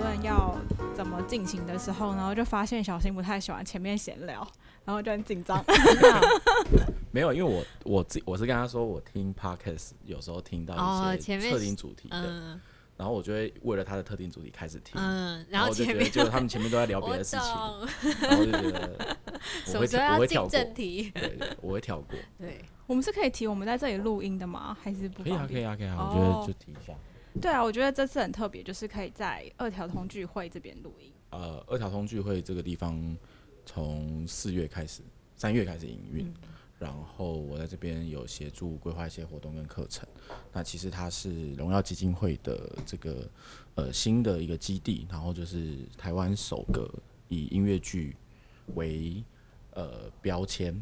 問要怎麼進行的時候，然後就發現小星不太喜歡前面閒聊，然後就很緊張。 沒有，因為我我自我是跟他說，我聽 Podcast 有時候聽到一些特定主題的、哦嗯，然後我就會為了他的特定主題開始聽。嗯，然後前面後就，覺得就他們前面都在聊別的事情我，然後就覺得我會跳正題，我會對，對，對，我會跳過。對，我們是可以提，我們在這裡錄音的嗎？還是不可以？可以啊，可以啊，可以啊，我覺得、哦、就提一下。對啊，我覺得這次很特別，就是可以在二條通劇匯這邊錄音。呃，二條通劇匯這個地方從四月開始，三月開始營運、嗯，然後我在這邊有協助規劃一些活動跟課程。那其實它是榮耀基金會的這個呃新的一個基地，然後就是台灣首個以音樂劇為呃標籤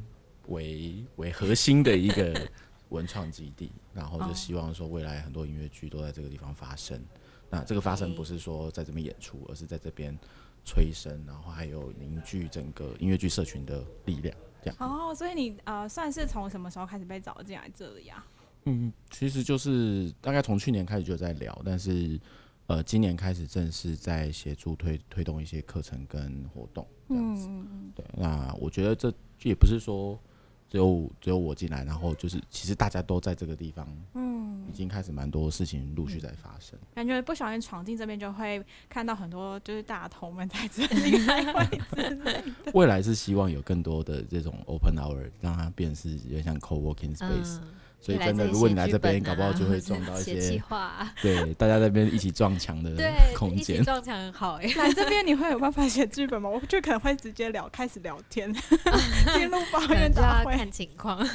為為核心的一個。 文創基地，然後就希望說未來很多音樂劇都在這個地方發生。Oh. 那這個發生不是說在這邊演出，Okay. 而是在這邊催生，然後還有凝聚整個音樂劇社群的力量。這樣。哦，所以你呃算是從什麼時候開始被找進來這裡呀、啊？嗯，其實就是大概從去年開始就在聊，但是呃今年開始正式在協助推推動一些課程跟活動這樣子、嗯。對，那我覺得這也不是說。只有只有我進來，然後就是其實大家都在這個地方，嗯，已經開始蠻多事情陸續在發生。嗯，感覺不小心闖進這邊就會看到很多就是大頭們在這裡在玩。未來是希望有更多的這種 open hour，讓它變是有點像 coworking space。嗯所以真的、啊，如果你來這邊，搞不好就會撞到一些、啊、對大家那邊一起撞牆的空間撞牆很好哎、欸。 來這邊你會有辦法寫劇本嗎？我就可能會直接聊開始聊天，記、啊、 路抱怨大會看情況 啊。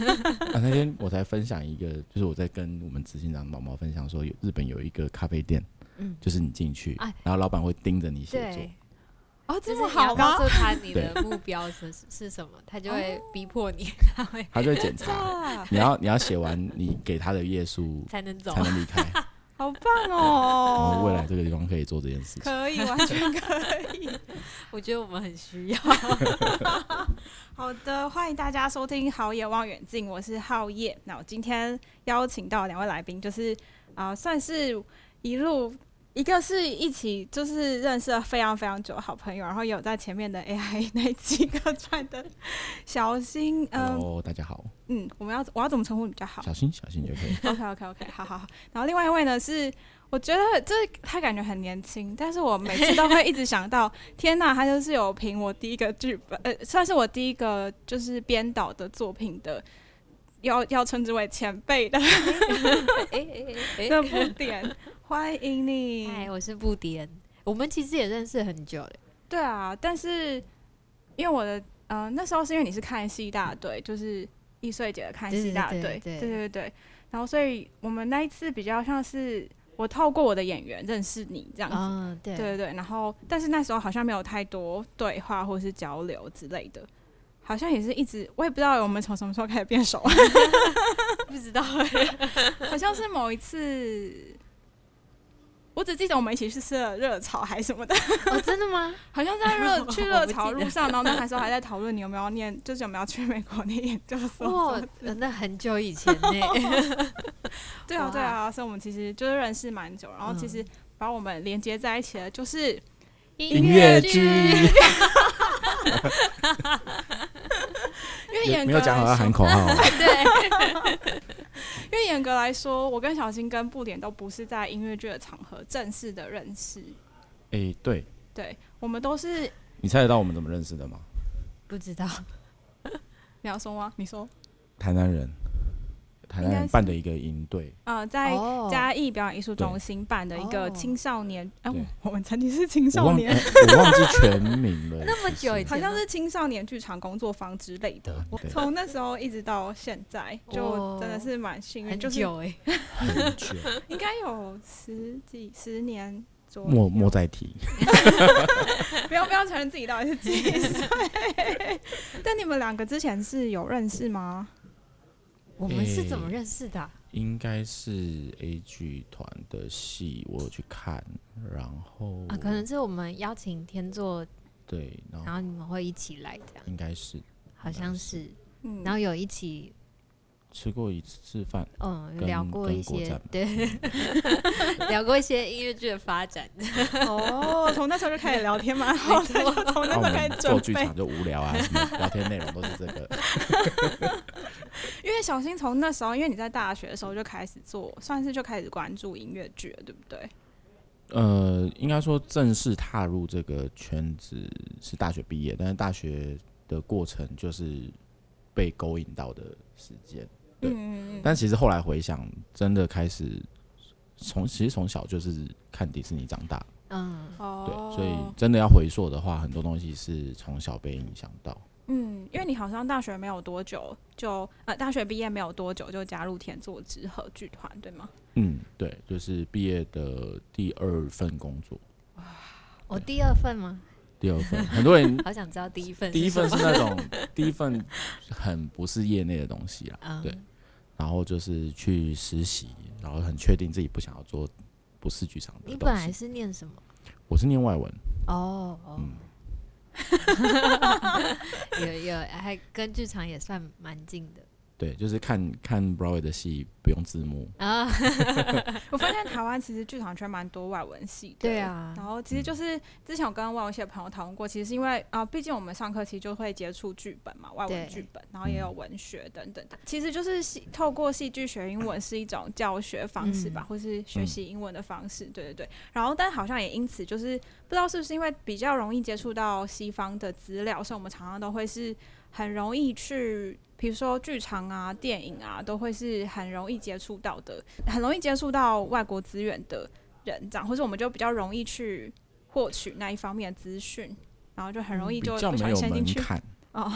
那天我才分享一個，就是我在跟我們執行長毛毛分享說，有日本有一個咖啡店，嗯、就是你進去，然後老板會盯着你寫作。啊哦，真、就是好。你要告訴他你的目標是是什麼， 他就會逼迫你，他會，他就會檢查。 你要你要寫完你給他的頁數才能走，才能離開。好棒哦！未來這個地方可以做這件事情，可以完全可以。 我覺得我們很需要。 好的，歡迎大家收聽《好野望遠鏡》，我是好野。那我今天邀請到兩位來賓，就是啊、呃，算是一路。一個是一起就是認識了非常非常久的好朋友，然後有在前面的 AI 那幾個賺的，小佑，嗯，哦，大家好，嗯，我們要我要怎麼稱呼你比較好？小佑，小佑就可以。OK OK OK，好好好。然後另外一位呢是，我覺得就是他感覺很年輕，但是我每次都會一直想到， 天吶，他就是有評我第一個劇本，呃，算是我第一個就是編導的作品的。要要稱之為前輩的，欸，哎哎哎哎，不點，歡迎你，嗨，我是不點，我們其實也認識很久了。對啊，但是因為我的嗯、呃，那時候是因為你是看戲大隊，就是易碎姐的看戲大隊，對對對，然後所以我們那一次比較像是我透過我的演員認識你這樣子，哦、對，對對對，然後但是那時候好像沒有太多對話或是交流之類的。好像也是一直，我也不知道我們從什麼時候開始變熟，不知道哎，好像是某一次，我只記得我們一起去吃了熱炒還是什麼的。哦，真的嗎？ 好像在熱去熱炒的路上，然後那時候還在討論你有沒有念，就是有沒有去美國念研究所。哇、就是哦，那很久以前呢、 哦？對啊、哦，對啊，所以我們其實就是認識蠻久，然後其實把我們連接在一起的就是音樂劇。因為嚴格來說，也沒有講好要喊口號好不好？ 對 因為嚴格來說，我跟小新跟不點都不是在音樂劇的場合正式的認識。誒、欸，對，對我們都是、啊。你猜得到我們怎麼認識的嗎？不知道，你要說嗎？你說。台南人。辦的一個營隊啊，在嘉義表演藝術中心辦的一個青少年哎，我們曾經是、呃、青少年、啊我我，我忘記全名了。名了 那麼久，好像是青少年劇場工作坊之類的。我從那時候一直到現在，就真的是蠻幸運。很久、欸、很久 應該有十幾十年左右。莫莫再提， 不要不要承認自己到底是幾歲。 但你們兩個之前是有認識嗎？我們是怎麼認識的、啊欸？應該是 A 劇團的戲，我有去看，然後啊，可能是我們邀請天作，對，然，然後你們會一起來這樣，應該是，好像是，是，然後有一起、嗯、吃過一次飯，嗯，聊過一些，對， 聊過一些音樂劇的發展，哦、 oh，從那時候就開始聊天嘛，從 從 那時候開始做劇場就無聊啊， 什麼聊天內容都是這個。 因為小新從那時候因為你在大學的時候就開始做，算是就開始關注音樂劇了，對不對？呃，應該說正式踏入這個圈子是大學畢業，但是大學的過程就是被勾引到的時間。對。嗯嗯嗯。但其實後來回想，真的開始從其實從小就是看迪士尼長大。嗯，哦，對，所以真的要回溯的話，很多東西是從小被影響到。嗯，因為你好像大學沒有多久就呃大學畢業沒有多久就加入天作之合劇團，對嗎？嗯，對，就是畢業的第二份工作。我第二份嗎？第二份，很多人 好想知道第一份。第一份是那種 第一份很不是業內的東西啦， 對。然後就是去實習，然後很確定自己不想要做不是劇場的東西。你本來是念什麼？我是念外文。哦、oh, 哦、oh. 嗯。哈哈哈有有，還跟劇場也算蠻近的。對，就是看看 Broadway 的戲不用字幕啊。Oh、 我發現臺灣其實劇場圈蠻多外文戲的。對啊，然後其實就是之前我跟外文系的朋友討論過、嗯，其實是因為啊，畢竟我們上課其實就會接觸劇本嘛，外文劇本，然後也有文學等等的、嗯。其實就是透過戲劇學英文是一種教學方式吧，嗯、或是學習英文的方式、嗯。對對對。然後，但好像也因此就是不知道是不是因為比較容易接觸到西方的資料，所以我們常常都會是很容易去。比如說劇場啊、電影啊，都會是很容易接觸到的，很容易接觸到外國資源的人長，或是我們就比較容易去獲取那一方面的資訊，然後就很容易就、嗯、比較沒有門檻、哦、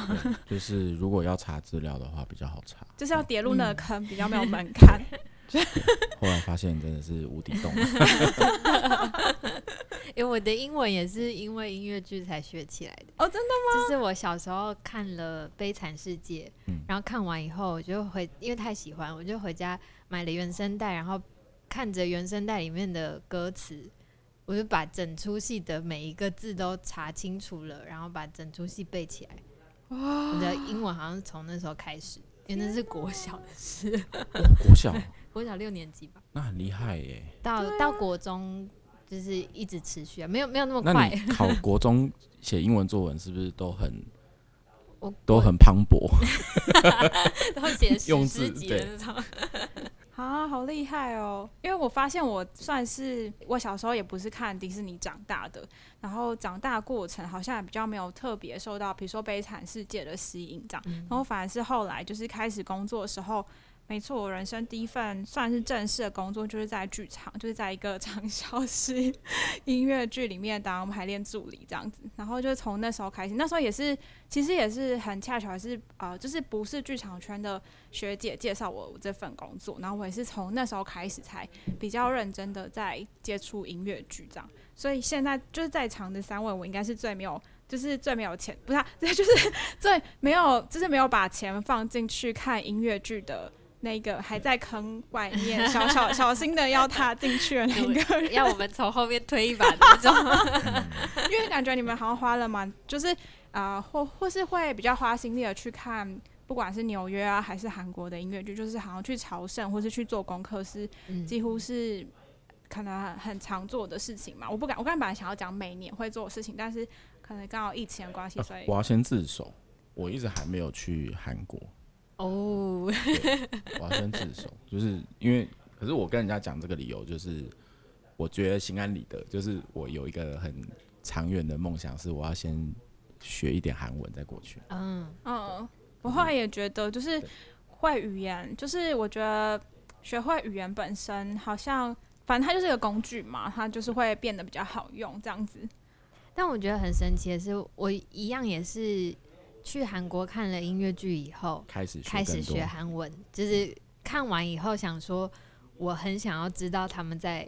就是如果要查資料的話，比較好查，就是要跌入那個坑，嗯、比較沒有門檻。 後來發現真的是無底洞 欸。因為我的英文也是因為音樂劇才學起來的。哦，真的嗎？就是我小時候看了《悲慘世界》，然後看完以後，我就回，因為太喜歡，我就回家買了原聲帶，然後看着原聲帶裡面的歌詞，我就把整出戲的每一個字都查清楚了，然後把整出戲背起來。哇！你的英文好像從那時候開始，因為那是國小的事、哦。國小。我小六年級吧，那很厲害耶、欸！到、啊、到國中就是一直持續啊，沒有沒有那麼快。考國中寫英文作文是不是都很都很磅礴？哈哈哈哈都寫史詩級的，哈哈啊，好厲害哦、喔！因為我發現我算是我小時候也不是看迪士尼長大的，然後長大的過程好像也比較沒有特別受到比如說《悲慘世界》的吸引這樣嗯嗯，然後反而是後來就是開始工作的時候。沒錯，我人生第一份算是正式的工作，就是在劇場，就是在一個長銷型音樂劇裡面當排練助理這樣子。然後就是從那時候開始，那時候也是其實也是很恰巧，還是啊，就是不是劇場圈的學姐介紹我，我這份工作。然後我也是從那時候開始才比較認真的在接觸音樂劇。這樣，所以現在就是在場的三位，我應該是最沒有，就是最沒有錢，不是，對，就是最沒有，就是沒有把錢放進去看音樂劇的。那個還在坑外面，小小小心的要踏進去了。那個 要我們從後面推一把那種。 因為感覺你們好像花了蠻，就是啊、呃，或或是會比較花心力的去看，不管是紐約啊，還是韓國的音樂劇，就是好像去朝聖，或是去做功課，是幾乎是可能很常做的事情嘛。我不敢，我剛才本來想要講每年會做的事情，但是可能剛好疫情的關係，所以、呃、我要先自首。我一直還沒有去韓國。哦、oh，我要先自首， 就是因為，可是我跟人家講這個理由，就是我覺得心安理得，就是我有一個很長遠的夢想，是我要先學一點韓文再過去。嗯、oh. 嗯，oh. 我後來也覺得，就是會語言，mm -hmm. 就是我覺得學會語言本身，好像反正它就是一個工具嘛，它就是會變得比較好用這樣子。但我覺得很神奇的是，我一樣也是。去韓國看了音樂劇以後，開始學韓文。就是看完以後想說，我很想要知道他們在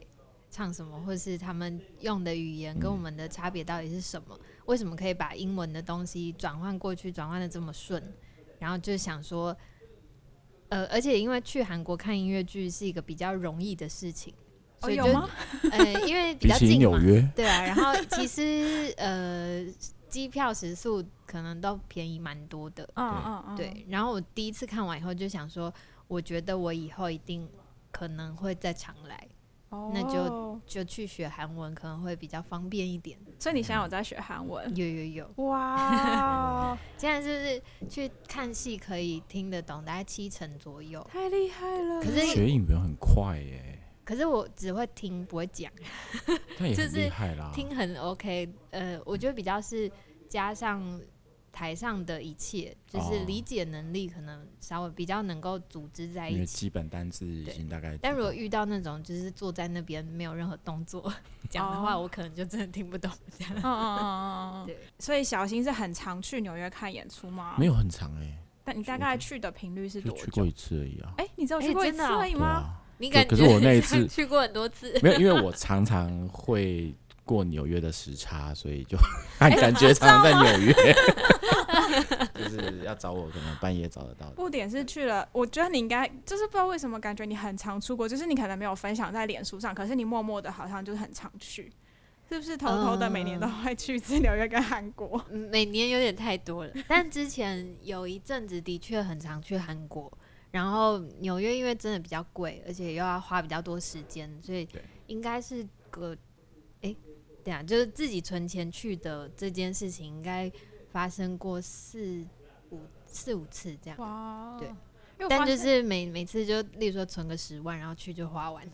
唱什麼，或是他們用的語言跟我們的差別到底是什麼，嗯，為什麼可以把英文的東西轉換過去，轉換得這麼順？然後就想說，呃，而且因為去韓國看音樂劇是一個比較容易的事情，所以就，哦、 呃，因為比較近嘛，對啊。然後其實呃，機票、食宿。可能都便宜蠻多的，嗯、oh, 嗯、oh, oh. 對。然後我第一次看完以後就想說，我覺得我以後一定可能會再常來，oh. 那就就去學韓文可能會比較方便一點。所以你現在有在學韓文？有、嗯、有有，哇！Wow. 現在就是，是去看戲可以聽得懂，大概七成左右，太厲害了。可是學英文很快耶，可是我只會聽不會講， 就是聽很 OK，很厲害呃，我覺得比較是加上。台上的一切，就是理解能力可能稍微比較能夠組織在一起。哦、因為基本單詞已經大概。但如果遇到那種就是坐在那邊沒有任何動作講的話，我可能就真的聽不懂、哦、這樣、哦。所以小新是很常去紐約、哦哦哦哦、約看演出嗎？沒有很常哎、欸，但你大概去的頻率是多久？去過一次而已啊。哎、欸，你知道去過一次嗎、啊欸喔啊啊？你感覺？可是我那一次 去過很多次。 沒有，因為我常常會。過紐約的時差，所以就、欸、感覺常常在紐約、欸，就是要找我可能半夜找得到。不點是去了，我覺得你應該就是不知道為什麼感覺你很常出國，就是你可能沒有分享在臉書上，可是你默默的好像就是很常去，是不是偷偷的每年都會去？去紐約跟韓國、嗯，每年有點太多了。 但之前有一陣子的確很常去韓國，然後紐約因為真的比較貴，而且又要花比較多時間，所以應該是隔。對啊，就是自己存錢去的這件事情，應該發生過四五四五次這樣。對，但就是每每次就，例如說存個十萬，然後去就花完了，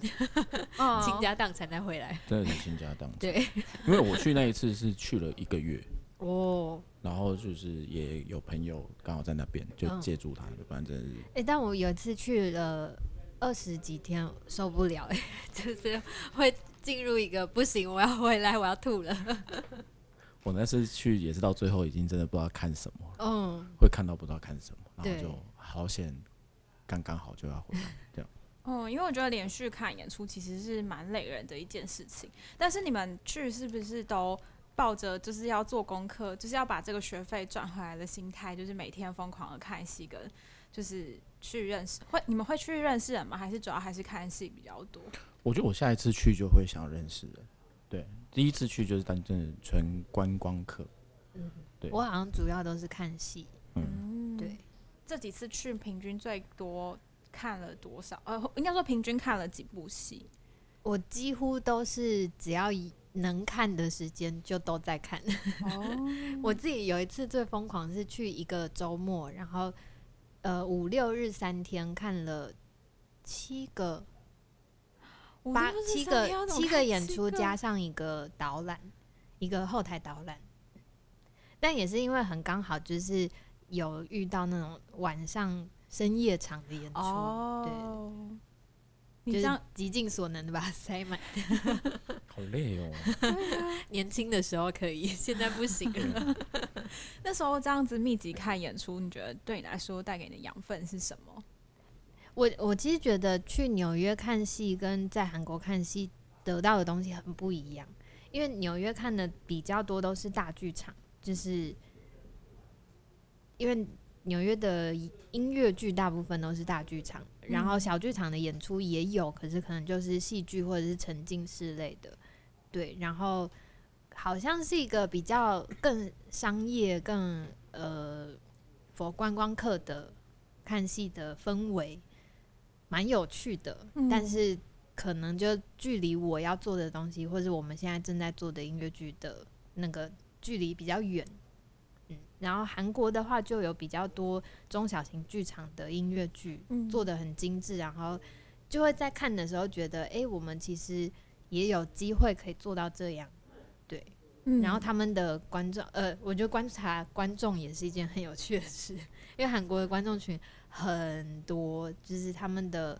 哦、 傾家蕩產再回來。真的是傾家蕩產。對，因為我去那一次是去了一個月哦， 然後就是也有朋友剛好在那邊，就借住他，嗯、反正。哎、欸，但我有一次去了二十幾天，受不了、欸，哎，就是會。進入一個不行，我要回來，我要吐了。我那次去也是到最後已經真的不知道看什麼，嗯，會看到不知道看什麼，然後就好險剛剛好就要回來這樣。哦，因為我覺得連續看演出其實是蠻累人的一件事情。但是你們去是不是都抱着就是要做功課，就是要把這個學費賺回來的心態，就是每天瘋狂的看戲跟。就是去認識會，你們會去認識人嗎？還是主要還是看戲比較多？我覺得我下一次去就會想認識人。對，第一次去就是當真的純觀光客。嗯，對，我好像主要都是看戲。嗯，對嗯，這幾次去平均最多看了多少？呃，應該說平均看了幾部戲。我幾乎都是只要以能看的時間就都在看。哦。 我自己有一次最瘋狂是去一個周末，然後。呃，五六日三天看了七個，八七個七個演出，加上一個導覽，一個後台導覽。但也是因為很剛好，就是有遇到那種晚上深夜場的演出。哦，對。就像極盡所能的把它塞滿， 好累哦 。年輕的時候可以，現在不行了。 那時候我這樣子密集看演出，你覺得對你來說帶給你的養分是什麼？我我其實覺得去紐約看戲跟在韓國看戲得到的東西很不一樣，因為紐約看的比較多都是大劇場，就是因為紐約的音樂劇大部分都是大劇場。然後小劇場的演出也有，可是可能就是戲劇或者是沉浸式類的，對。然後好像是一個比較更商業、更呃 for 觀光客的看戲的氛圍，蠻有趣的、嗯，但是可能就距離我要做的東西，或是我們現在正在做的音樂劇的那個距離比較遠。然後韓國的話就有比較多中小型劇場的音樂劇，嗯，做得很精緻。然後就會在看的時候覺得，哎，欸，我們其實也有機會可以做到這樣，對。嗯，然後他們的觀眾，呃，我覺得觀察觀眾也是一件很有趣的事，因為韓國的觀眾群很多，就是他們的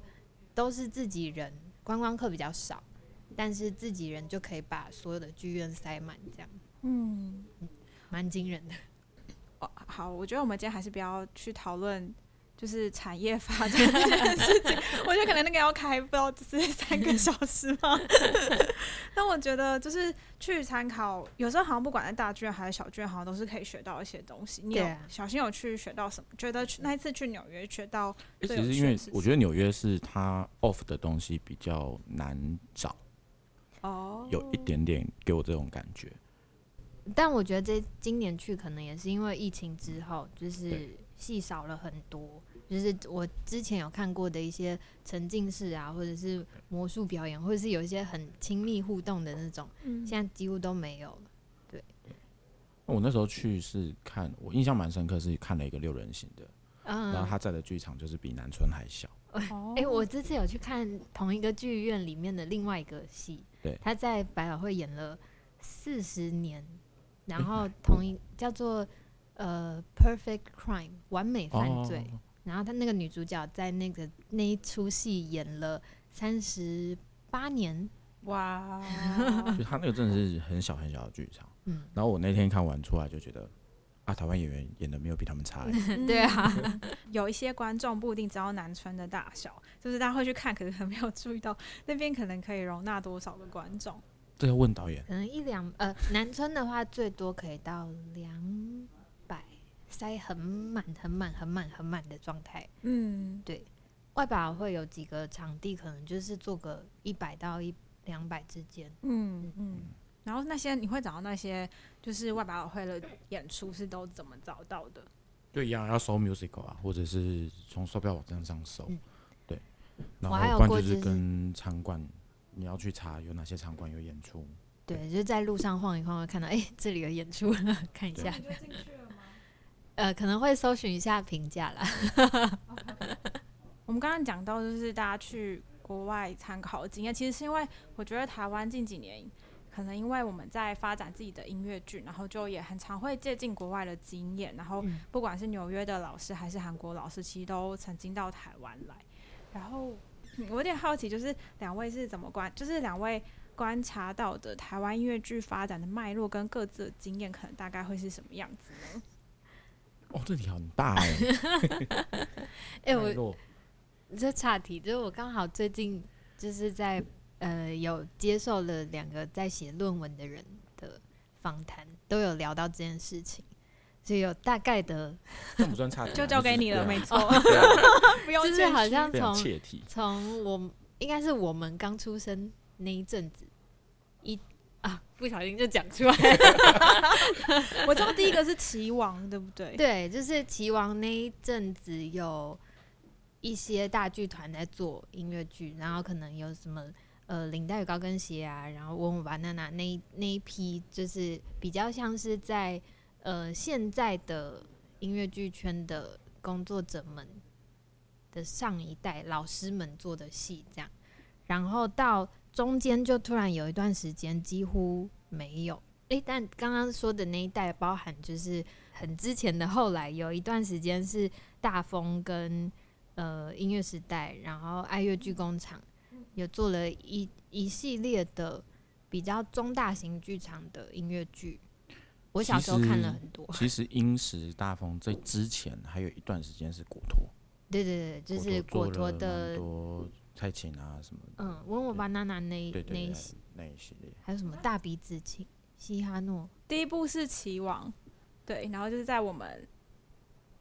都是自己人，觀光客比較少，但是自己人就可以把所有的劇院塞滿，這樣，嗯，蠻驚人的。哦、好，我覺得我們今天還是不要去討論就是產業發展這件事情。 我覺得可能那個要開不知道就是三個小時嗎？ 但我覺得就是去參考，有時候好像不管在大卷還是小卷，好像都是可以學到一些東西。你有，yeah. 小心有去學到什麼？覺得去那一次去紐約學到學，其實因為我覺得紐約是它 off 的東西比較難找。哦、oh，有一點點給我這種感覺。但我覺得這今年去可能也是因為疫情之後，就是戲少了很多。就是我之前有看過的一些沉浸式啊，或者是魔術表演，或者是有一些很親密互動的那種，現在幾乎都沒有了。對，嗯，我那時候去是看，我印象蠻深刻，是看了一個六人行的，然後他在的劇場就是比南村還小。哎，我這次有去看同一個劇院裡面的另外一個戲，對，他在百老匯演了四十年。然後同一叫做呃、uh, Perfect Crime 完美犯罪。哦哦哦哦，然後他那個女主角在那個那一出戲演了三十八年。哇、哦！ 就他那個真的是很小很小的劇場，嗯。然後我那天看完出來就覺得啊，台灣演員演的沒有比他們差。 對啊，有一些觀眾不一定知道南村的大小，就是大家會去看，可是他沒有注意到那邊可能可以容納多少個觀眾。這要問導演，可能一兩呃，南村的話最多可以到兩百，塞很滿很滿很滿很滿的狀態。嗯，對外表會有幾個場地，可能就是做個一百到一兩百之間。嗯嗯，然後那些你會找到那些就是外表會的演出是都怎麼找到的？對，一樣要搜 musical 啊，或者是從售票網站上搜。嗯。對，然後另外就是跟場館。你要去查有哪些場館有演出。對，對就是在路上晃一晃，會看到哎、欸，這裡有演出，看一下。 呃，可能會搜尋一下評價啦。Okay. 我們剛剛講到，就是大家去國外參考的經驗，其實是因為我覺得台灣近幾年可能因為我們在發展自己的音樂劇，然後就也很常會借鑑國外的經驗。然後不管是紐約的老師還是韓國老師，其實都曾經到台灣來。然後。我有點好奇，就是兩位是怎麼觀，就是兩位觀察到的台灣音樂劇發展的脈絡跟各自的經驗，可能大概會是什麼樣子呢？哦，這題很大哎。哎、 欸，我這岔題，就是我剛好最近就是在呃有接受了兩個在寫論文的人的訪談，都有聊到這件事情。就有大概的。啊、就交給你了，沒錯、啊。啊、 就是好像從從我應該是我們剛出生那一陣子，一啊不小心就講出來。 我知道第一個是棋王， 對不對？對，就是棋王那一陣子有一些大劇團在做音樂劇，然後可能有什麼呃領帶與高跟鞋啊，然後吻我吧娜娜那一那一批，就是比較像是在。呃，現在的音樂劇圈的工作者們的上一代老師們做的戲這樣，然後到中間就突然有一段時間幾乎沒有。誒、欸，但剛剛說的那一代包含就是很之前的，後來有一段時間是大風跟呃音樂時代，然後愛樂劇工廠有做了一一系列的比較中大型劇場的音樂劇。我小時候看了很多其。其實英石，大風最之前還有一段時間是果陀。對對對，就是果陀的很多蔡琴啊什麼的。嗯，吻我吧娜娜，那對對對對，那一那一系列還有什麼大鼻子情西哈諾，第一部是棋王。對，然後就是在我們。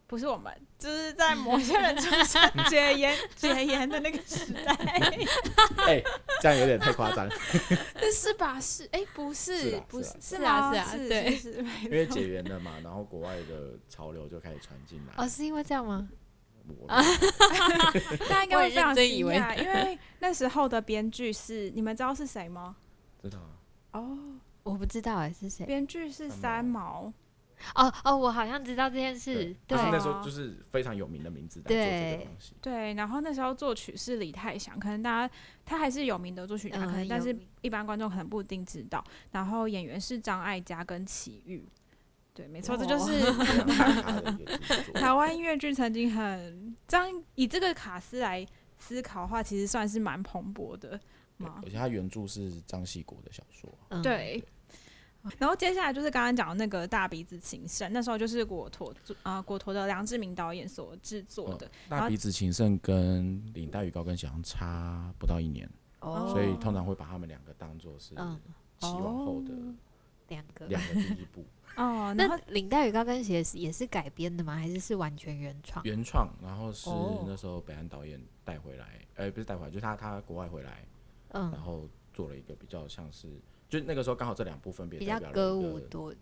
不是我們，就是在某些人出現 解嚴 解嚴的那個時代。哎、 欸，這樣有點太誇張。 但是是吧？是哎，不、欸、是，不是，是子是啊，對是是是沒錯，因為解嚴了嘛，然後國外的潮流就開始傳進來。哦，是因為這樣嗎？大家應該會認真以為， 因為那時候的編劇是，你們知道是誰嗎？知道啊。哦、oh,，我不知道哎、欸，是誰？編劇是三毛。三毛哦哦，我好像知道這件事。對，對是那時候就是非常有名的名字在做這個東西對。對，然後那時候作曲是李泰祥，可能大家他還是有名的作曲家，可能，嗯，但是一般觀眾可能不一定知道。然後演員是張艾嘉跟齊豫。對，沒錯，哦，這就是 台灣音樂劇曾經很張以這個卡司來思考的話，其實算是蠻蓬勃的嘛。而且他原著是張系國的小說。嗯，對。然後接下來就是剛剛講的那個《大鼻子情聖》，那時候就是果陀啊、呃，果陀的梁志民導演所制作的《嗯、大鼻子情聖》跟《領帶與高跟鞋》好像差不到一年、哦，所以通常會把他們兩個當做是希望後的兩個、兩個第一部。哦，那、哦《 哦、領帶與高跟鞋》是也是改編的嗎？還是是完全原創？原創，然後是那時候北安導演帶回來，哎、哦呃，不是帶回來，就是他他國外回來、嗯，然後做了一個比較像是。就那個時候剛好這兩部分別代表了一個，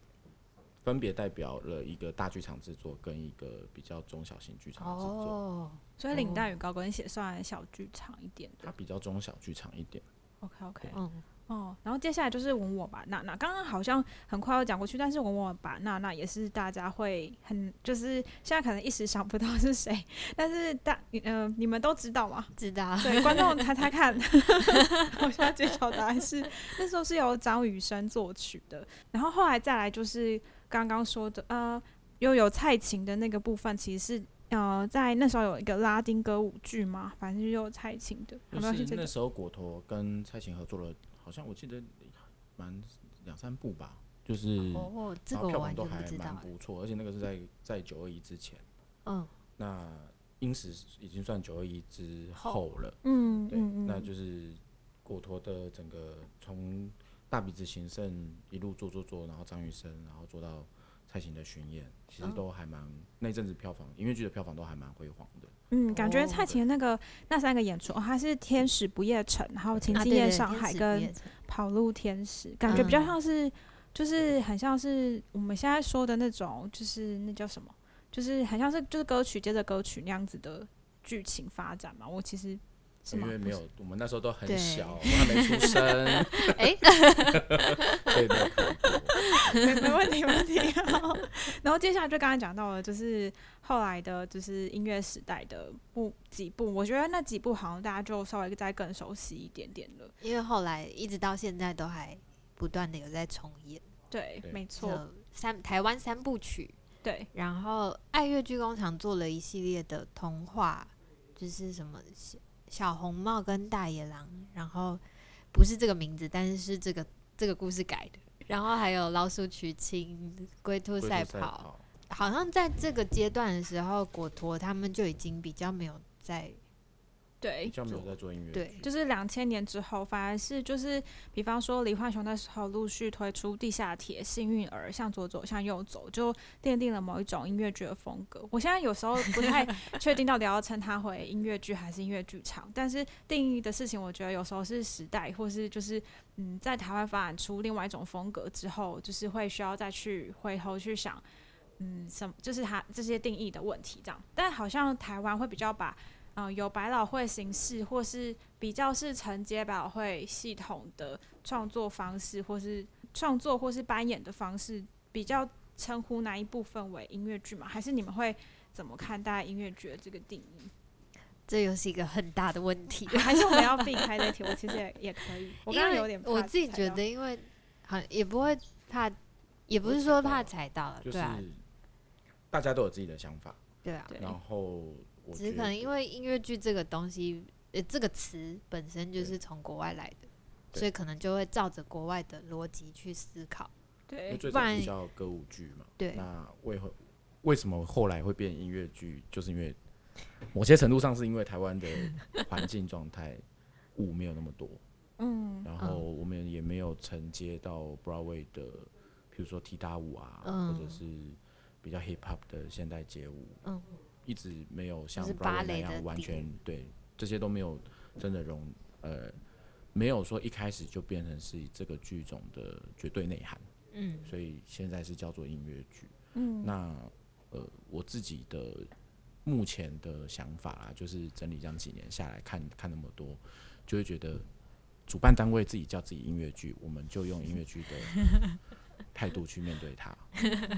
分別代表了一個大劇場制作跟一個比較中小型劇場製作、哦。所以《領帶與高跟鞋》算小劇場一點，它、哦、比較中小劇場一點。OK，OK，okay, okay. 嗯，哦，然後接下來就是吻我吧，娜娜剛剛好像很快要講過去，但是吻我吧，娜娜也是大家會很就是現在可能一時想不到是誰，但是大嗯、呃、你們都知道嗎？知道，對觀眾猜猜看， 我現在揭曉答案是，那時候是由張雨生作曲的，然後後來再來就是剛剛說的呃又有,有蔡琴的那個部分，其實是。呃，在那時候有一個拉丁歌舞劇嘛，反正就是蔡琴的。就是那時候果陀跟蔡琴合作了，好像我記得蠻兩三部吧，就是他票房都還蠻不錯，欸，而且那個是在在九二一之前。嗯。那因此已經算九二一之後了。嗯對，嗯嗯，那就是果陀的整個從大鼻子情聖，一路做做做，然後張雨生，然後做到。蔡琴的巡演其實都還蠻、哦、那陣子票房音樂劇的票房都還蠻輝煌的。嗯，感覺蔡琴那個、哦、那三個演出，還、哦、是天使不夜城、啊，對對《天使不夜城》，然後《情定夜上海》跟《跑路天使》，感覺比較像是，就是很像是我們現在說的那種，就是那叫什麼？就是很像是就是歌曲接着歌曲那樣子的劇情發展嘛。我其實。因為沒有，我們那時候都很小，我們還沒出生。哎、欸，對，沒有考過、欸。沒問題，沒問題、喔、然後接下來就剛剛講到了，就是後來的，就是音樂時代的不幾部，我覺得那幾部好像大家就稍微再更熟悉一點點了，因為後來一直到現在都還不斷的有在重演。對，對沒錯。三台灣三部曲，對。然後愛樂劇工廠做了一系列的童話，就是什麼些。小紅帽跟大野狼，然後不是這個名字，但是是這個這個故事改的。然後還有老鼠娶親、龜兔賽跑，跑，好像在這個階段的時候，果陀他們就已經比較沒有在。對，對，就沒有在做音樂劇，就是兩千年之後，反而是就是，比方說李煥雄那時候陸續推出《地下鐵》《幸運兒》《向左走，向右走》，就奠定了某一種音樂劇的風格。我現在有時候 不太確定到底要稱它為音樂劇還是音樂劇場，但是定義的事情，我覺得有時候是時代，或是就是，嗯，在台灣發展出另外一種風格之後，就是會需要再去回頭去想，嗯，什麼就是它這些定義的問題這樣。但好像台灣會比較把。嗯、呃，有百老匯形式，或是比較是承接百老匯系統的創作方式，或是創作或是搬演的方式，比較稱呼哪一部分為音樂劇嘛？還是你們會怎麼看待音樂劇的這個定義？這又是一個很大的問題， 還是我們要避開那題？我其實也也可以， 我剛剛有點，我自己覺得，因為很也不會怕，也不是說怕踩到了，就是對、啊就是、大家都有自己的想法，對啊，然後。只可能因為音樂劇這個東西，呃、欸，這個詞本身就是從國外來的，所以可能就會照着國外的邏輯去思考。對，因為最早比較歌舞劇嘛。對。那為何為什麼後來會變音樂劇？就是因為某些程度上是因為台灣的環境狀態，舞 沒有那麼多。嗯。然後我們也沒有承接到 Broadway 的，比如說踢踏舞啊、嗯，或者是比較 Hip Hop 的現代街舞。嗯。一直沒有像 Broadway 那樣完全、就是、對，這些都沒有真的融，呃，沒有說一開始就變成是這個劇種的絕對內涵。嗯，所以現在是叫做音樂劇。嗯，那呃，我自己的目前的想法啊，就是整理這樣幾年下來看看那麼多，就會覺得主辦單位自己叫自己音樂劇，我們就用音樂劇的。嗯 態度去面對他，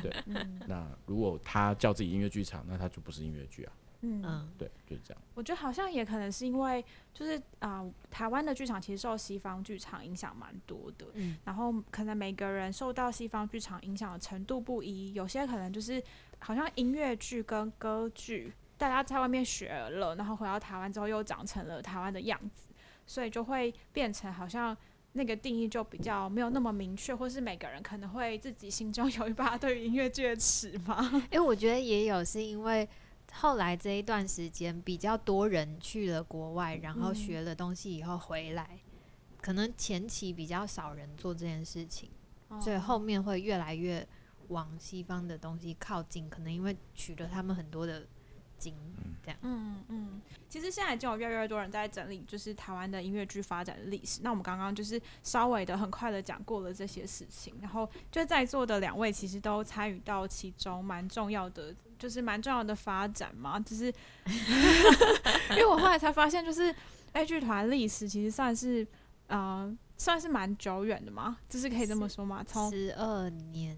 對。 那如果他叫自己音樂劇場，那他就不是音樂劇啊。嗯嗯，對，就是這樣。我覺得好像也可能是因為，就是啊、呃，台灣的劇場其實受西方劇場影響蠻多的。嗯。然後可能每個人受到西方劇場影響的程度不一，有些可能就是好像音樂劇跟歌劇，大家在外面學了，然後回到台灣之後又長成了台灣的樣子，所以就會變成好像。那個定義就比較沒有那麼明確，或是每個人可能會自己心中有一把對音樂劇的尺嗎？哎，我覺得也有，是因為後來這一段時間比較多人去了國外，然後學了東西以後回來，嗯、可能前期比較少人做這件事情、哦，所以後面會越來越往西方的東西靠近，可能因為取了他們很多的。嗯，這樣，嗯嗯，其實現在就有越來越多人在整理，就是台灣的音樂劇發展的歷史。那我們剛剛就是稍微的、很快的講過了這些事情，然後就在座的兩位其實都參與到其中，蠻重要的，就是蠻重要的發展嘛。只、就是 因為我後來才發現，就是 A 劇團歷史其實算是嗯、呃，算是蠻久遠的嘛，就是可以這麼說嘛，從十二年，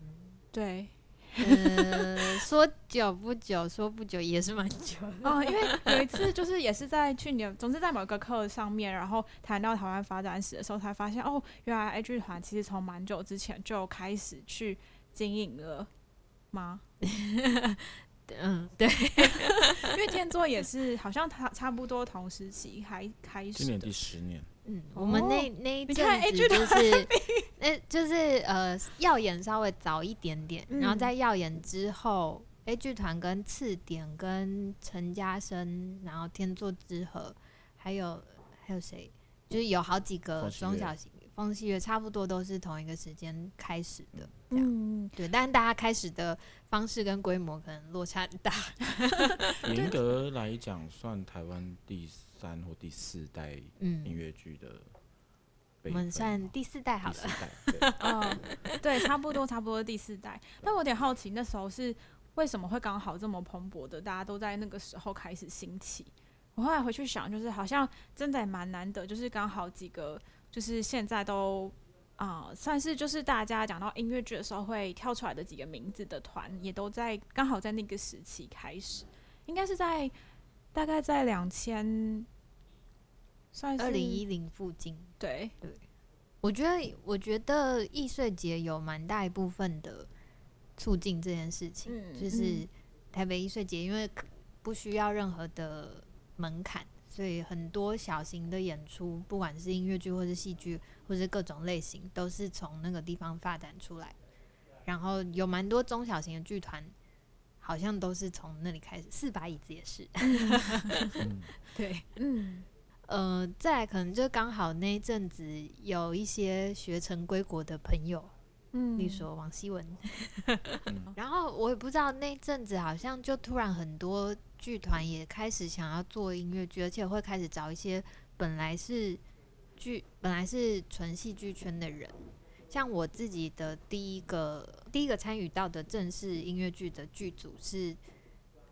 對。 嗯，說久不久，說不久也是蠻久的哦、 呃。因為有一次，就是也是在去年， 總是在某個課上面，然後談到台灣發展史的時候，才發現哦，原來 A 劇團其實從蠻久之前就開始去經營了嗎？ 嗯，對， 因為天作也是，好像他差不多同時期還開始的，今年第十年。嗯、哦，我們那那一陣子就是，那、呃、就是呃，耀眼稍微早一點點，嗯、然後在耀眼之後、嗯、，A 劇團跟刺點跟陳家聲，然後天作之合，還有還有誰、嗯，就是有好幾個中小型方戲劇，月差不多都是同一個時間開始的這樣、嗯。對，但大家開始的方式跟規模可能落差很大。嚴、嗯、 格來講，算台灣第四。三或第四代音樂劇的、嗯，我們算第四代好了。四代對, uh, 對，差不多，差不多第四代。 但我有點好奇，那時候是為什麼會剛好這麼蓬勃的？大家都在那個時候開始興起。我後來回去想，就是好像真的蠻難得，就是剛好幾個，就是現在都啊、呃，算是就是大家講到音樂劇的時候會跳出來的幾個名字的團，也都在剛好在那個時期開始，應該是在大概在兩千。二零一零附近，對,對，我覺得我覺得藝穗節有蠻大一部分的促進這件事情，嗯、就是台北藝穗節，因為不需要任何的門檻，所以很多小型的演出，不管是音樂劇或是戲劇，或是各種類型，都是從那個地方發展出來。然後有蠻多中小型的劇團，好像都是從那裡開始。四把椅子也是， 嗯、對，嗯。呃，再可能就剛好那一陣子有一些學成歸國的朋友，嗯，例如說王希文， 然後我也不知道那一陣子好像就突然很多劇團也開始想要做音樂劇，而且我會開始找一些本來是劇本來是純戲劇圈的人，像我自己的第一個第一個參與到的正式音樂劇的劇組是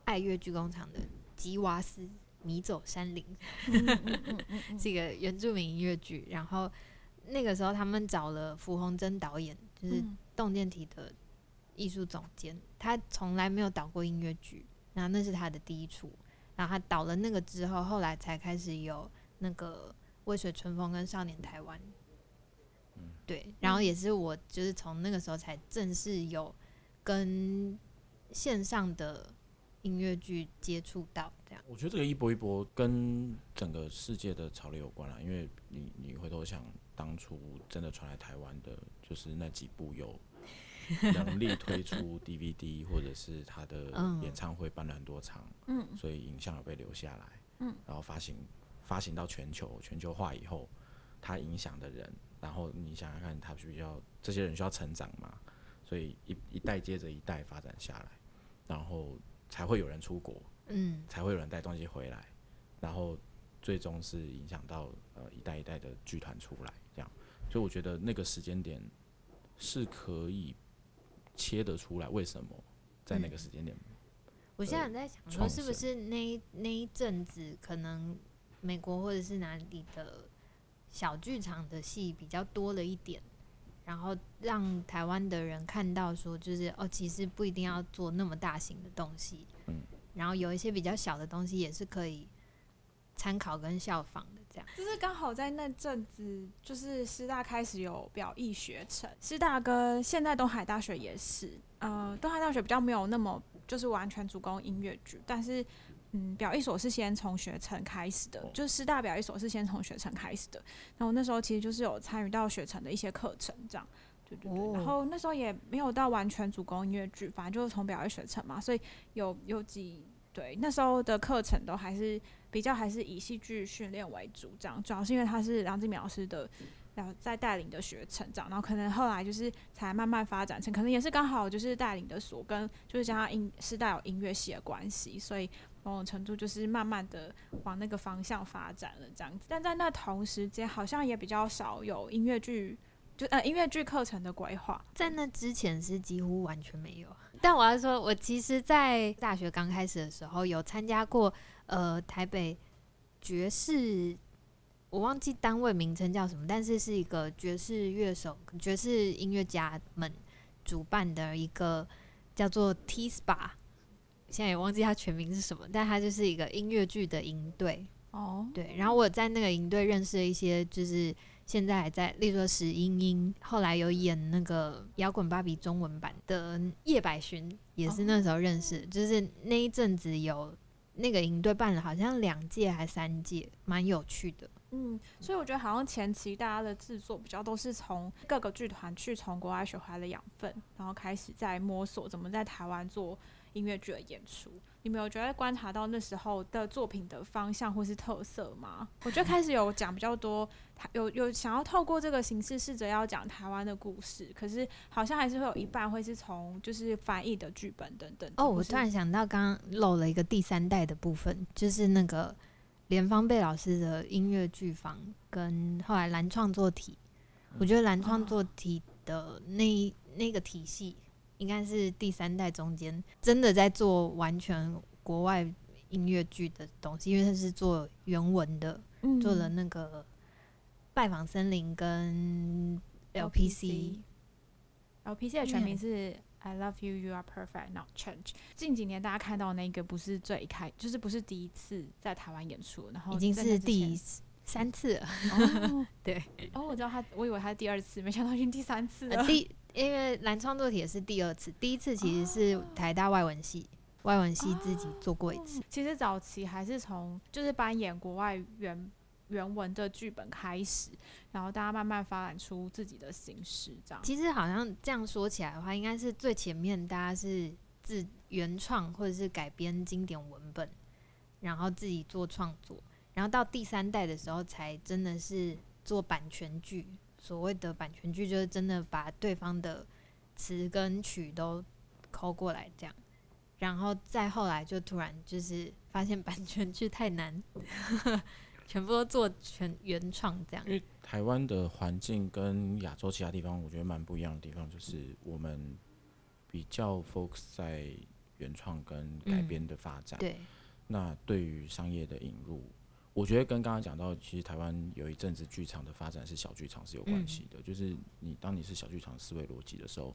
愛樂劇工廠的吉瓦斯。《迷走山林、 嗯嗯嗯嗯》是一個原住民音樂劇， 然後那個時候他們找了符宏征導演，就是動見體的藝術總監、嗯，他從來沒有導過音樂劇，然後那是他的第一齣。然後他導了那個之後，後來才開始有那個《渭水春風》跟《少年台灣》嗯。對，然後也是我就是從那個時候才正式有跟線上的。音樂劇接觸到這樣。我覺得這個一波一波跟整個世界的潮流有關啦，啊。因為你你回頭想當初真的傳來台灣的，就是那幾部有能力推出 DVD 或者是他的演唱會辦了很多場，嗯，所以影像有被留下來，嗯，然後發行發行到全球全球化以後，它影響的人，然後你想想看他，他需要這些人需要成長嘛，所以一一代接着一代發展下來，然後。才會有人出國，嗯，才會有人帶東西回來，然後最終是影響到呃一代一代的劇團出來這樣，所以我覺得那個時間點是可以切得出來。為什麼在那個時間點，嗯？我現在很在想說是不是那那一陣子可能美國或者是哪裡的小劇場的戲比較多了一點？然後讓台灣的人看到，說就是哦，其實不一定要做那麼大型的東西，嗯，然後有一些比較小的東西也是可以參考跟效仿的，這樣。就是剛好在那陣子，就是師大開始有表演學程，師大跟現在東海大學也是，呃，東海大學比較沒有那麼就是完全主攻音樂劇，但是。嗯，表藝所是先從學程開始的，oh. 就是師大表藝所是先從學程開始的。然後那時候其實就是有參與到學程的一些課程，這樣，對對對。Oh. 然後那時候也沒有到完全主攻音樂劇，反正就是從表藝學程嘛，所以有有幾對那時候的課程都還是比較還是以戲劇訓練為主，這樣。主要是因為他是梁志民老師的、mm. 在帶領的學程這樣。然後可能後來就是才慢慢發展成，可能也是剛好就是帶領的所跟就是加上音師大有音樂系的關係，所以。某種程度就是慢慢的往那個方向發展了，這樣子。但在那同時間，好像也比較少有音樂劇就，就呃音樂劇課程的規劃。在那之前是幾乎完全沒有。但我要說，我其實在大學剛開始的時候，有參加過呃台北爵士，我忘記單位名稱叫什麼，但是是一個爵士樂手、爵士音樂家們主辦的一個叫做 T Spa。現在也忘記他全名是什麼，但他就是一個音樂劇的營隊哦，oh. 對。然後我在那個營隊認識了一些，就是現在還在，例如說史茵茵，後來有演那個搖滾芭比中文版的葉柏勳，也是那時候認識。Oh. 就是那一陣子有那個營隊辦了，好像兩屆還三屆，蠻有趣的。嗯，所以我覺得好像前期大家的製作比較都是從各個劇團去從國外學回來的養分，然後開始在摸索怎麼在台灣做音樂劇的演出。你們有覺得觀察到那時候的作品的方向或是特色嗎？我覺得開始有講比較多，有有想要透過這個形式試着要講台灣的故事，可是好像還是會有一半會是從就是翻譯的劇本等等。哦，我突然想到剛剛漏了一個第三代的部分，就是那個。連芳貝老師的音樂劇坊，跟後來藍創作體，我覺得藍創作體的那那個體系，應該是第三代中間真的在做完全國外音樂劇的東西，因為他是做原文的，做了那個《拜訪森林》跟 LPC，LPC、嗯、LPC LPC 的全名是。I love you, you are perfect. Now Change. 近幾年大家看到的那個不是最開，就是不是第一次在台灣演出，然後已經是第次三次了。哦、 對，哦，我知道他，我以為他是第二次，沒想到已經第三次了、啊。第，因為嵐創作體是第二次，第一次其實是台大外文系、哦，外文系自己做過一次。哦、其實早期還是從就是扮演國外原原文的劇本開始，然後大家慢慢發展出自己的形式，這樣。其實好像這樣說起來的話，應該是最前面大家是自原創或者是改編經典文本，然後自己做創作，然後到第三代的時候，才真的是做版權劇。所謂的版權劇，就是真的把對方的詞跟曲都摳過來這樣，然後再後來就突然就是發現版權劇太難。 全部都做全原創這樣。因為台灣的環境跟亞洲其他地方，我覺得蠻不一樣的地方，就是我們比較 focus 在原創跟改編的發展。對。那對於商業的引入，我覺得跟剛剛講到，其實台灣有一陣子劇場的發展是小劇場是有關係的。就是你當你是小劇場思維邏輯的時候，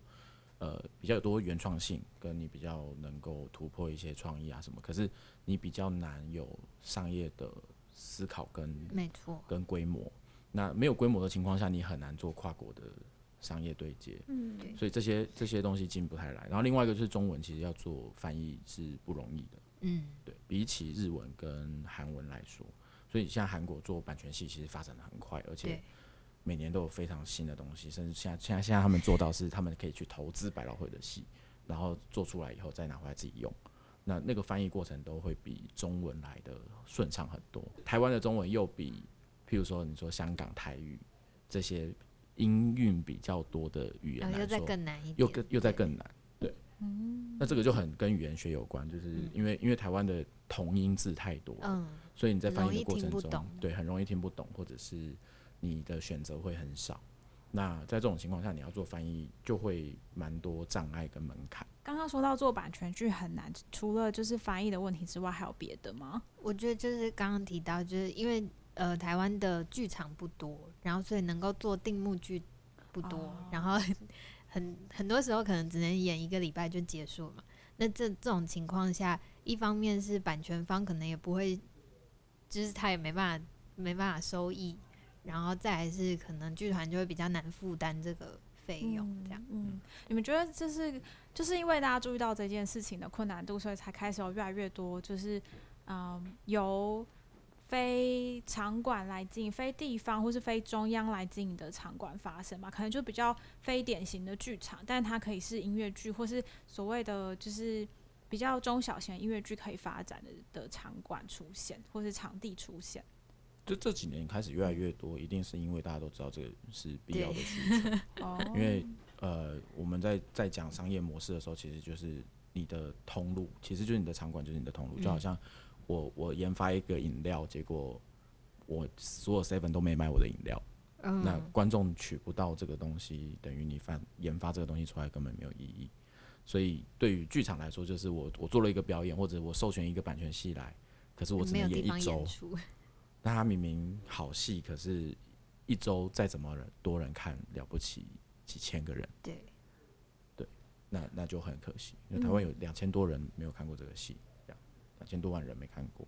呃，比較多原創性，跟你比較能夠突破一些創意啊什麼。可是你比較難有商業的。思考跟沒錯，跟規模，那沒有規模的情況下，你很難做跨國的商業對接。嗯，對，所以這些這些東西進不太來。然後另外一個就是中文，其實要做翻譯是不容易的。嗯，對，比起日文跟韓文來說，所以像韓國做版權戲其實發展得很快，而且每年都有非常新的東西。甚至現在，現在現在他們做到是，他們可以去投資百老匯的戲，然後做出來以後再拿回來自己用。那那個翻譯過程都會比中文來的順暢很多。台灣的中文又比，譬如說你說香港台語，這些音韻比較多的語言來說，啊、又再更難一點，又更又再更難對，對。嗯，那這個就很跟語言學有關，就是因為因為台灣的同音字太多，嗯，所以你在翻譯的過程中，對，很容易聽不懂，或者是你的選擇會很少。那在這種情況下，你要做翻譯就會蠻多障礙跟門檻。剛剛說到做版權劇很難，除了就是翻譯的問題之外，還有別的嗎？我覺得就是剛剛提到，就是因為呃台灣的劇場不多，然後所以能夠做定目劇不多，Oh. 然後很很，很多時候可能只能演一個禮拜就結束了嘛。那這這種情況下，一方面是版權方可能也不會，就是他也沒辦法沒辦法收益。然後再來是可能劇團就會比較難負擔這個費用，這樣。嗯，嗯你們覺得這是就是因為大家注意到這件事情的困難度，所以才開始有越來越多就是，嗯，由非場館來經營，非地方或是非中央來經營的場館發生嘛？可能就比較非典型的劇場，但它可以是音樂劇或是所謂的就是比較中小型的音樂劇可以發展的的場館出現，或是場地出現。就這幾年開始越來越多，一定是因為大家都知道這個是必要的事情。 因為呃，我們在在講商業模式的時候，其實就是你的通路，其實就是你的場館，就是你的通路。嗯、就好像我我研发一個飲料，結果我所有 Seven 都沒買我的飲料、嗯，那觀眾取不到這個東西，等於你发研发這個東西出來根本沒有意義。所以對於劇場來說，就是我我做了一個表演，或者我授權一個版權戲來，可是我只能演一周。嗯那他明明好戲，可是一周再怎麼人多人看，了不起幾千個人，對，對，那、那就很可惜。因為台灣有兩千多人沒有看過這個戲，嗯，這樣兩千多萬人沒看過，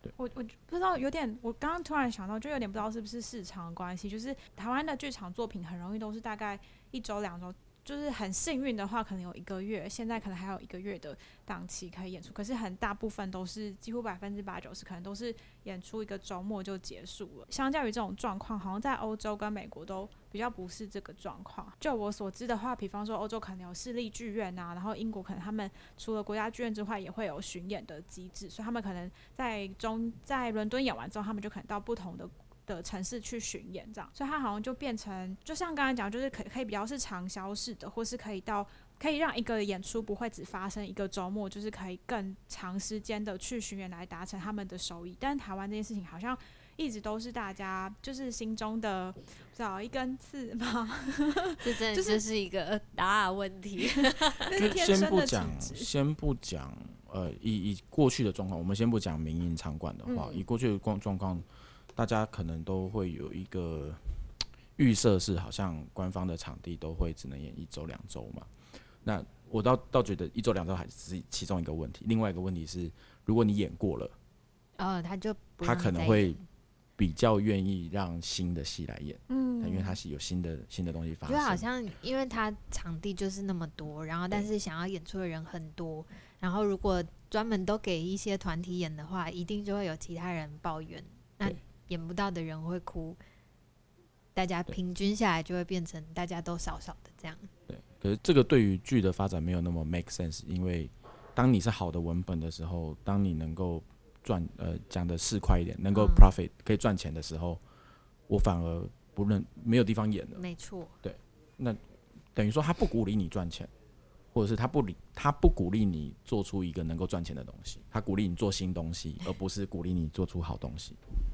對，我我不知道有點，我剛剛突然想到，就有點不知道是不是市場關係，就是台灣的劇場作品很容易都是大概一周兩周。就是很幸運的話，可能有一個月，現在可能還有一個月的檔期可以演出，可是很大部分都是幾乎百分之八九十，可能都是演出一個周末就結束了。相較於這種狀況，好像在歐洲跟美國都比較不是這個狀況。就我所知的話，比方說歐洲可能有市立劇院啊，然後英國可能他們除了國家劇院之外，也會有巡演的機制，所以他們可能在中在倫敦演完之後，他們就可能到不同的。的城市去巡演這樣，所以他好像就變成，就像剛才講，就是可以可以比較是長銷式的，或是可以到可以讓一個演出不會只發生一個周末，就是可以更長時間的去巡演來達成他們的收益。但是台灣這件事情好像一直都是大家就是心中的找、就是、一根刺嘛，這真的是一個大問題。先不講，先不講，呃，以以過去的狀況，我們先不講民營場館的話、嗯，以過去的狀狀況。大家可能都會有一個預設，是好像官方的場地都會只能演一周兩周嘛。那我倒倒覺得一周兩周還是其中一個問題。另外一個問題是，如果你演過了，他就他可能會比較願意讓新的戲來演，嗯，因為他是有新的新的東西發生。因為好像因為他場地就是那麼多，然後但是想要演出的人很多，然後如果專門都給一些團體演的話，一定就會有其他人抱怨。那演不到的人會哭，大家平均下來就會變成大家都少少的這樣。對，可是這個對於劇的發展沒有那麼 make sense，因為當你是好的文本的時候，當你能夠賺呃，講得市儈一點，能夠 profit 可以賺錢的時候，嗯、我反而不能沒有地方演了。沒錯，對，那等於說他不鼓勵你賺錢，或者是他不理，他不鼓勵你做出一個能夠賺錢的東西，他鼓勵你做新東西，而不是鼓勵你做出好東西。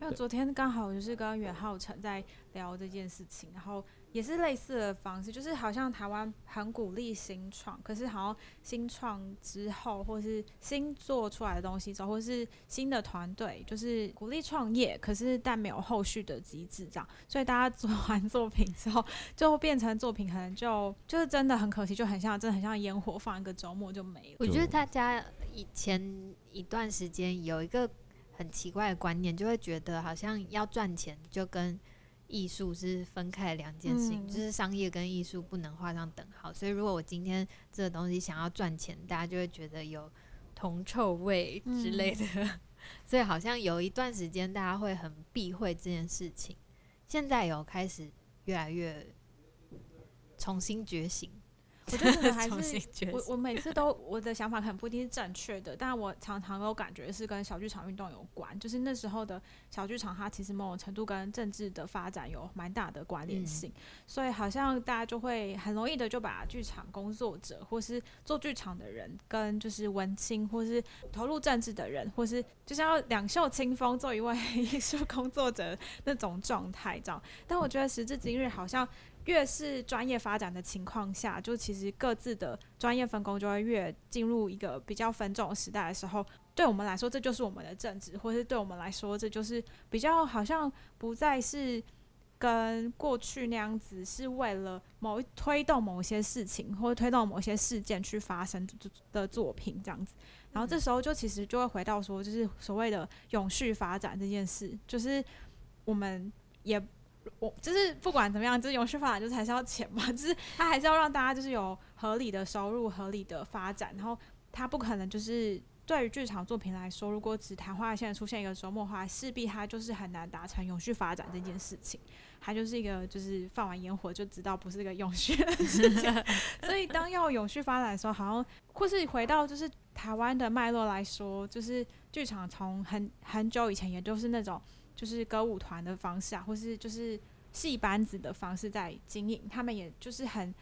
因為昨天剛好就是跟袁浩辰在聊這件事情，然後也是類似的方式，就是好像台灣很鼓勵新創，可是好像新創之後或是新做出來的東西走或是新的團隊，就是鼓勵創業，可是但沒有後續的機制這樣，所以大家做完作品之後，就變成作品可能就就是真的很可惜，就很像真的很像煙火放一個周末就沒了。我覺得大家以前一段時間有一個。很奇怪的觀念，就會覺得好像要賺錢就跟藝術是分開兩件事情，嗯，就是商業跟藝術不能畫上等號。所以如果我今天這個東西想要賺錢，大家就會覺得有銅臭味之類的，嗯、 所以好像有一段時間大家會很避諱這件事情，現在有開始越來越重新覺醒。我覺得還是我我每次都我的想法可能不一定是正確的， 但我常常有感覺是跟小劇場運動有關。就是那時候的小劇場，它其實某種程度跟政治的發展有蠻大的關聯性，嗯，所以好像大家就會很容易的就把劇場工作者或是做劇場的人跟就是文青或是投入政治的人，或是就是要兩袖清風，做一位藝術工作者那種狀態這樣，嗯。但我覺得時至今日，好像。越是專業發展的情況下，就其實各自的專業分工就會越進入一個比較分眾的時代的時候，對我們來說，這就是我們的政治，或是對我們來說，這就是比較好像不再是跟過去那樣子，是為了某一推動某些事情，或者推動某些事件去發生的作品這樣子。然後這時候就其實就會回到說，就是所謂的永續發展這件事，就是我們也。我、哦、就是不管怎麼樣，就是永續發展，就是還是要錢嘛。就是他還是要讓大家就是有合理的收入、合理的發展。然後他不可能就是對於劇場作品來說，如果只曇花一現出現一個周末的話，勢必他就是很難達成永續發展這件事情。他就是一個就是放完煙火就知道不是一個永續的事情。 所以當要永續發展的時候，好像或是回到就是台灣的脈絡來說，就是劇場從很很久以前也就是那種。就是歌舞團的方式啊，或是就是戲班子的方式在經營，他們也就是很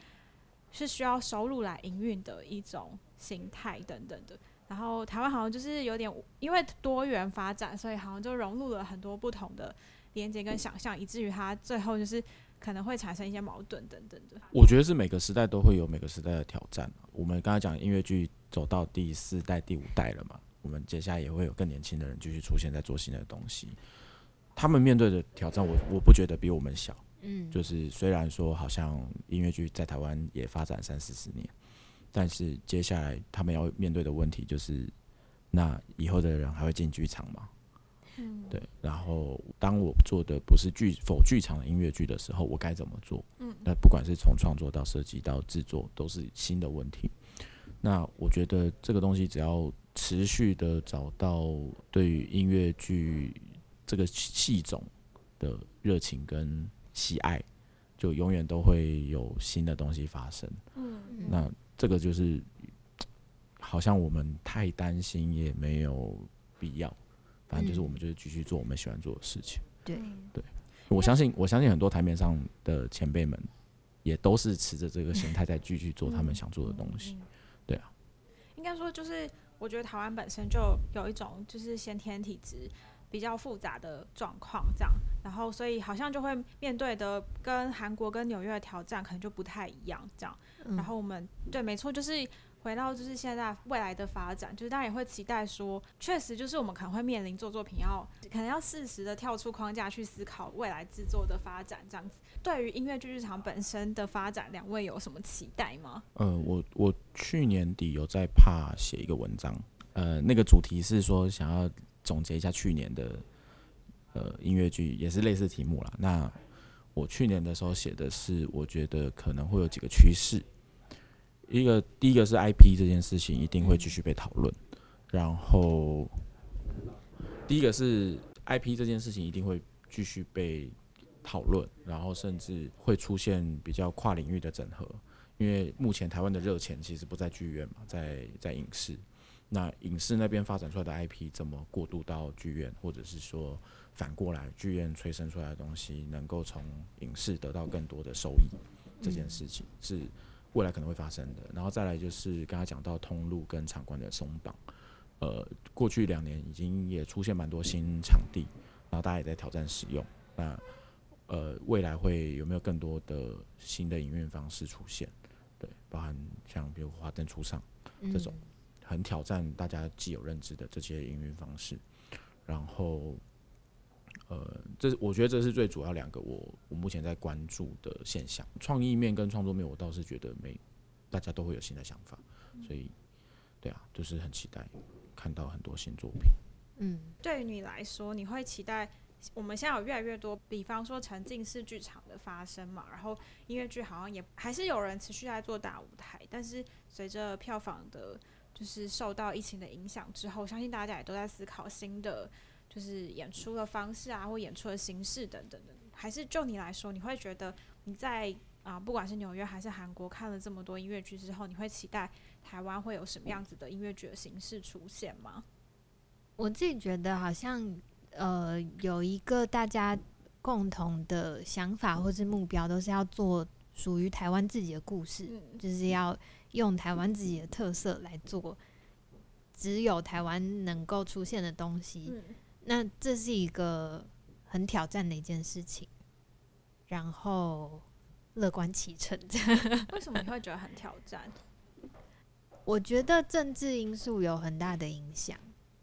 是需要收入來營運的一種形態等等的。然後台灣好像就是有點因為多元發展，所以好像就融入了很多不同的連接跟想象，以至於它最後就是可能會產生一些矛盾等等的。我覺得是每個時代都會有每個時代的挑戰。我們剛才講音樂劇走到第四代、第五代了嘛，我們接下來也會有更年輕的人繼續出現在做新的東西。他們面對的挑戰我，我我不覺得比我們小。嗯，就是雖然說好像音樂劇在台灣也發展三四十年，但是接下來他們要面對的問題就是，那以後的人還會進劇場嗎？嗯，對。然後當我做的不是劇否劇場的音樂劇的時候，我該怎麼做？嗯，那不管是從創作到設計到制作，都是新的問題。那我覺得這個東西只要持續的找到對於音樂劇。嗯。這個戲種的熱情跟喜愛，就永遠都會有新的東西發生。嗯，那這個就是好像我們太擔心也沒有必要，反正就是我們就是繼續做我們喜歡做的事情。對、嗯，對，我相信，我相信很多台面上的前輩們也都是持着這個心態在繼續做他們想做的東西。對啊，應該說就是我覺得台灣本身就有一種就是先天體質，比較複雜的狀況，這樣，然後所以好像就會面對的跟韓國跟紐約的挑戰可能就不太一樣，這樣。嗯，然後我們對，沒錯，就是回到就是現在未來的發展，就是大家也會期待說，確實就是我們可能會面臨做作品要可能要適時的跳出框架去思考未來製作的發展，這樣子。對於音樂劇劇場本身的發展，兩位有什麼期待嗎？呃，我我去年底有在怕寫一個文章，呃，那個主題是說想要。總結一下去年的呃音樂劇也是類似題目了。那我去年的時候寫的是，我覺得可能會有幾個趨勢。一個第一個是 IP 這件事情一定會繼續被討論，然後第一個是 IP 這件事情一定會繼續被討論，然後甚至會出現比較跨領域的整合，因為目前台灣的熱錢其實不在劇院嘛，在在影視。那影視那邊發展出來的 IP 怎麼過渡到劇院，或者是說反過來，劇院催生出來的東西能夠從影視得到更多的收益，這件事情是未來可能會發生的。然後再來就是剛才講到通路跟場館的鬆綁，呃，過去兩年已經也出現蠻多新場地，然後大家也在挑戰使用。那呃，未來會有沒有更多的新的營運方式出現？對，包含像比如華燈初上這種。很挑戰大家既有認知的這些營運方式，然後，呃，這是我覺得這是最主要兩個我我目前在關注的現象。創意面跟創作面，我倒是覺得每大家都會有新的想法，所以對啊，就是很期待看到很多新作品。嗯，對於你來說，你會期待我們現在有越來越多，比方說沉浸式劇場的發生嘛，然後音樂劇好像也還是有人持續在做大舞台，但是隨着票房的就是受到疫情的影響之後，相信大家也都在思考新的就是演出的方式啊，或演出的形式等等等。還是就你來說，你會覺得你在啊，不管是紐約還是韓國看了這麼多音樂劇之後，你會期待台灣會有什麼樣子的音樂劇的形式出現嗎？我自己覺得好像呃，有一個大家共同的想法或是目標，都是要做屬於台灣自己的故事，嗯、就是要。用台灣自己的特色來做，只有台灣能夠出現的東西，嗯，那這是一個很挑戰的一件事情。然後樂觀其成。這樣為什麼你會覺得很挑戰？ 我覺得政治因素有很大的影響。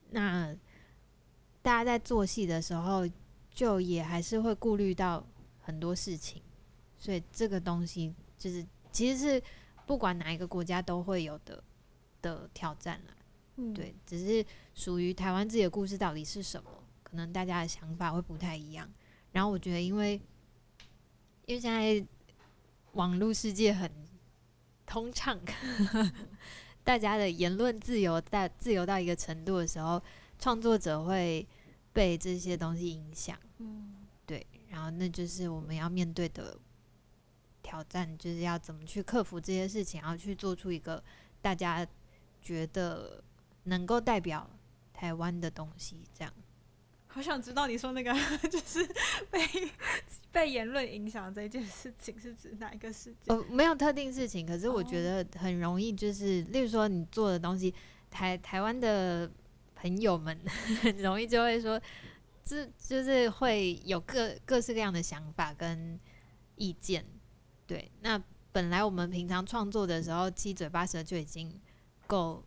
那大家在做戲的時候，就也還是會顧慮到很多事情，所以這個東西就是其實是。不管哪一個國家都會有的的挑戰啦，嗯、對，只是屬於台灣自己的故事到底是什麼，可能大家的想法會不太一樣。然後我覺得，因為因為現在網絡世界很通暢，大家的言論自由到自由到一個程度的時候，創作者會被這些東西影響，嗯，對，然後那就是我們要面對的。挑戰就是要怎麼去克服這些事情，然後去做出一個大家覺得能夠代表台灣的東西。這樣，好想知道你說那個就是被被言論影響這件事情是指哪一個事情？Oh, 沒有特定事情，可是我覺得很容易，就是、oh. 例如說你做的東西，台台灣的朋友們很容易就會說，這就是會有各各式各樣的想法跟意見。對，那本來我們平常創作的時候，七嘴八舌就已經夠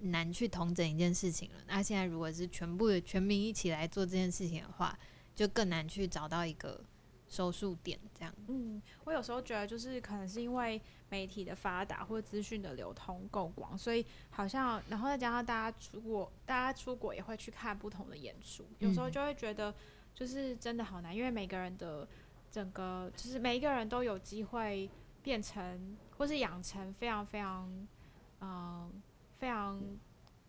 難去統整一件事情了。那現在如果是全部的全民一起來做這件事情的話，就更難去找到一個收束點。這樣，嗯，我有時候覺得就是可能是因為媒體的發達或資訊的流通夠廣，所以好像，然後再加上大家出國，大家出國也會去看不同的演出，有時候就會覺得就是真的好難，因為每個人的。整個就是每一個人都有機會變成，或是養成非常非常，嗯、呃，非常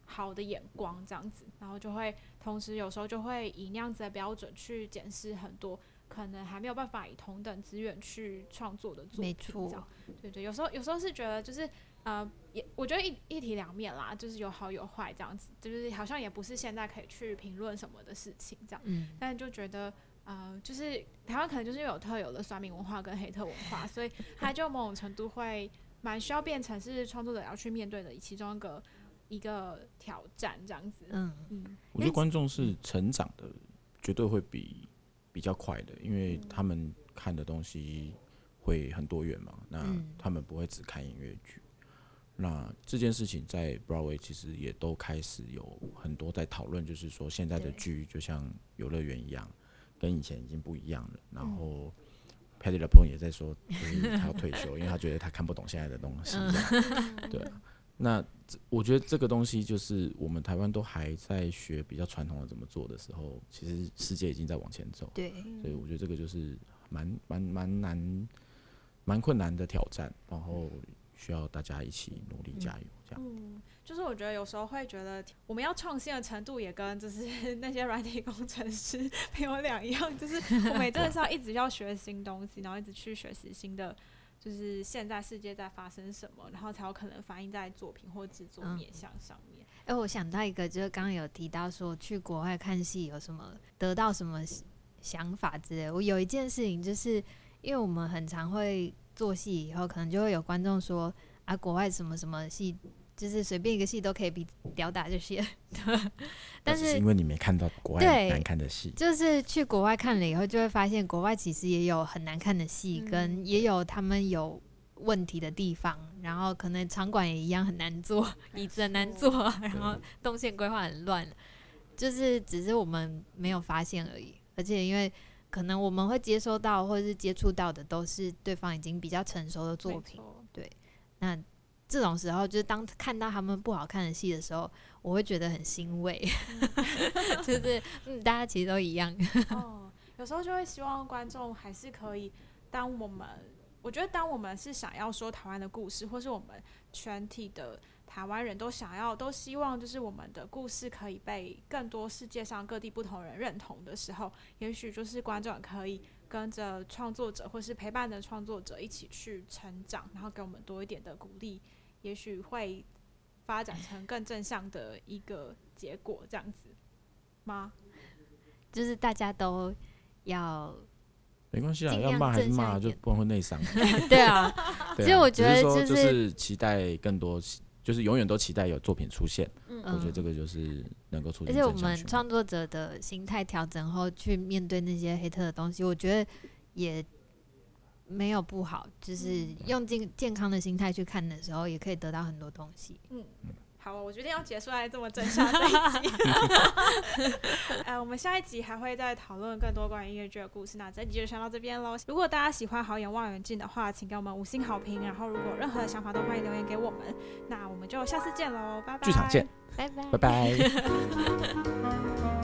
好的眼光這樣子，然後就會同時有時候就會以那樣子的標準去檢視很多可能還沒有辦法以同等資源去創作的作品，沒錯，這樣，對對，有時候有時候是覺得就是呃，也我覺得一一體兩面啦，就是有好有壞這樣子，就是好像也不是現在可以去評論什麼的事情這樣，嗯。但就覺得。呃，就是台灣可能就是有特有的酸民文化跟黑特文化，所以它就某種程度會蠻需要變成是創作者要去面對的其中一個一個挑戰這樣子。嗯嗯，我覺得觀眾是成長的，絕對會比比較快的，因為他們看的東西會很多元嘛，那他們不會只看音樂劇。那這件事情在 Broadway 其實也都開始有很多在討論，就是說現在的劇就像遊樂園一樣。跟以前已經不一樣了。然後，Patti LuPone 也在說，就是他要退休， 因為他覺得他看不懂現在的東西。 對，那我覺得這個東西就是我們台灣都還在學比較傳統的怎麼做的時候，其實世界已經在往前走。對，所以我覺得這個就是蠻蠻蠻難，蠻困難的挑戰，然後需要大家一起努力加油。嗯嗯，就是我覺得有時候會覺得，我們要創新的程度也跟就是那些軟體工程師沒有兩樣，就是我每次是一直要學新東西，然後一直去學習新的，就是現在世界在發生什麼，然後才有可能反映在作品或製作面向上面。哎、嗯欸，我想到一個，就是剛剛有提到說去國外看戲有什麼得到什麼想法之類，我有一件事情，就是因為我們很常會做戲，以後可能就會有觀眾說啊，國外什麼什麼戲。就是隨便一個戲都可以比吊打這些，哦。 但是、啊，是因為你沒看到國外難看的戲，就是去國外看了以後，就會發現國外其實也有很難看的戲，嗯，跟也有他們有問題的地方，嗯，然後可能場館也一樣很難坐，啊，椅子很難坐，哦，然後動線規劃很亂，就是只是我們沒有發現而已。而且因為可能我們會接收到或是接觸到的都是對方已經比較成熟的作品，對，那。這種時候，就是當看到他們不好看的戲的時候，我會覺得很欣慰。 就是，嗯、就是，大家其實都一樣。哦，有時候就會希望觀眾還是可以，當我們我覺得，當我們是想要說台灣的故事，或是我們全體的台灣人都想要，都希望，就是我們的故事可以被更多世界上各地不同人認同的時候，也許就是觀眾可以跟着創作者，或是陪伴的創作者一起去成長，然後給我們多一點的鼓勵。也許會發展成更正向的一個結果，這樣子嗎？就是大家都要沒關係啦，要罵還是罵，就不然會內傷。對啊，所以我覺得、就是、是說就是期待更多，就是永遠都期待有作品出現。嗯、我覺得這個就是能夠出現。而且我們創作者的心態調整後去面對那些黑特的東西，我覺得也。沒有不好，就是用健康的心態去看的時候，也可以得到很多東西。嗯，好，我決定要結束來這麼爭吵的一集。哎、 呃，我們下一集還會再討論更多關於音樂劇的故事。那這集就先到這邊嘍。如果大家喜歡好野望遠鏡的話，請給我們五星好評。然後，如果任何的想法都歡迎留言給我們。那我們就下次見嘍，拜拜！劇場見，拜拜，拜拜。